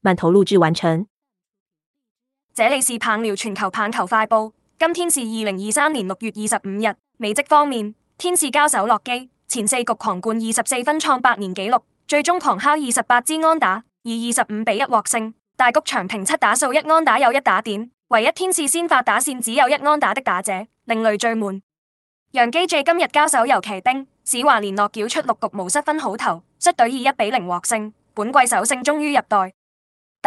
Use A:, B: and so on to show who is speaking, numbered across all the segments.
A: 慢投錄製完成。
B: 這裏是棒聊全球棒球快報。今天是二零二三年六月二十五日。美職方面，天使交手洛基，前四局狂灌二十四分創百年紀錄，最終狂敲二十八支安打，以二十五比一獲勝。大谷翔平七打數一安打有一打點，唯一天使先發打線只有一安打的打者，另類最悶。洋基隊今日交手遊騎兵，史華連諾繳出六局無失分好投，率隊以一比零獲勝。本季首勝終於入袋。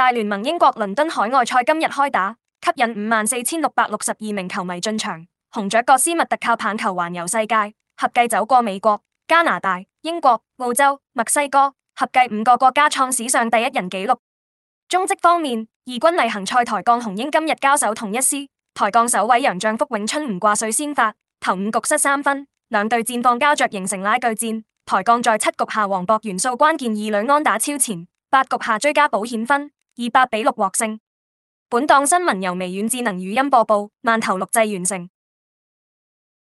B: 大聯盟英國倫敦海外賽今日開打，吸引五萬四千六百六十二名球迷進場。紅雀各斯密特靠棒球環遊世界，合計走過美國、加拿大、英國、澳洲、墨西哥，合計五個國家創史上第一人紀錄。中職方面，二軍例行賽台鋼雄鷹今日，今日交手統一獅，台鋼首位洋將福永春吾掛帥先發，頭五局失三分，兩隊戰況膠着形成拉鋸戰。台鋼在七局下黃博元素關鍵二壘安打超前，八局下追加保險分。二百比六獲勝。本檔新聞由微軟智能語音播報，饅頭錄製完成。